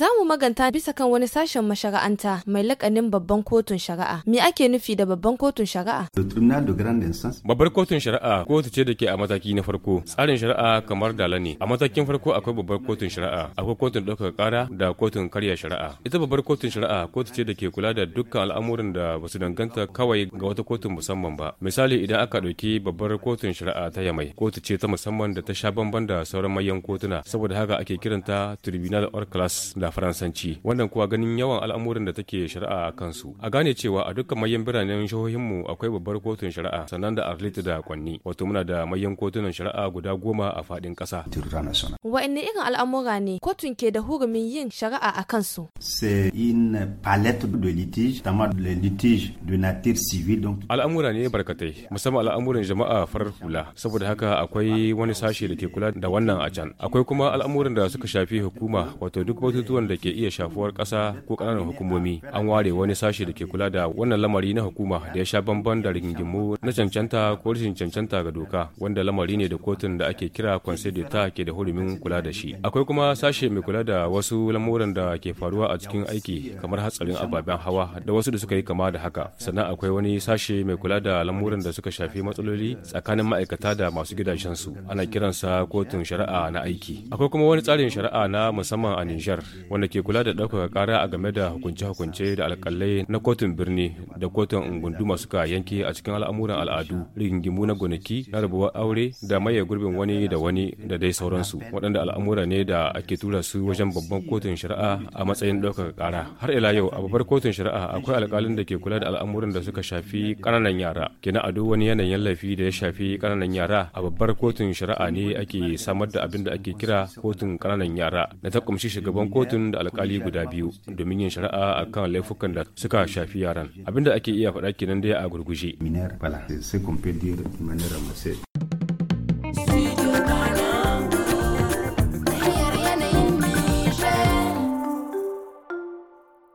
Za mu maganta bisa kan wani sashen mashara'anta mai lakanin babban kotun shari'a. Me ake nufi da babban kotun shari'a? Babbar kotun shari'a kotu ce da ke a mataki na farko. Tsarin shari'a kamar dala ne. A matakin farko akwai babbar kotun shari'a, akwai kotun ɗaukar ƙara da kotun karya shari'a. Ita babbar kotun shari'a kotu ce da ke kula da dukkan al'amuran da ba su danganta kawai ga wata kotun musamman ba. Misali idan aka ɗauki babbar kotun shari'a ta Yamai, kotu ce ta musamman da ta sha bamban da sauran manyan kotuna, saboda haka ake kiranta Tribunal or Class da a faransanci wannan kuwa ganin yawan al'amuran da take shari'a a kansu a gane cewa a dukkan mayan biranen shahohinmu akwai babbar kotun shari'a sannan da arlit da kwanni wato muna da mayan kotunan shari'a guda goma a faɗin ƙasa wa'anne irin al'amura ne kotun ke da hurumin yin shari'a a kansu al'amura ne barkatai musamman al'amuran jama'a farar hula saboda haka akwai wani sashe da ke kula da wannan a can akwai kuma al'amuran da suka shafi hukuma wato duk batutuwan batutuwan da ke iya shafuwar ƙasa ko ƙananan hukumomi an ware wani sashe da ke kula da wannan lamari na hukuma da ya sha bamban da rigingimu na cancanta ko rashin cancanta ga doka wanda lamari ne da kotun da ake kira conseil d'etat ke da hurumin kula da shi akwai kuma sashe mai kula da wasu lamuran da ke faruwa a cikin aiki kamar hatsarin ababen hawa da wasu da suka yi kama da haka sannan akwai wani sashe mai kula da lamuran da suka shafi matsaloli tsakanin ma'aikata da masu su ana kiransa kotun shari'a na aiki akwai kuma wani tsarin shari'a na musamman a Nijar wanda ke kula da ɗaukaka ƙara a game da hukunce-hukunce da alƙalai na kotun birni da kotun gunduma suka yanke a cikin al'amuran al'adu rigingimu na gonaki na rabuwar aure da maye gurbin wani da wani da dai sauransu waɗanda al'amura ne da ake tura su wajen babban kotun shari'a a matsayin ɗaukaka ƙara har ila yau a babbar kotun shari'a akwai alƙalin da ke kula da al'amuran da suka shafi ƙananan yara kenan a duk wani yanayin laifi da ya shafi ƙananan yara a babbar kotun shari'a ne ake samar da abin da ake kira kotun ƙananan yara da ta kumshi shugaban kotun mutum da alkali guda biyu domin yin shari'a a kan laifukan da suka shafi yaran abinda ake iya faɗa kenan dai a gurguje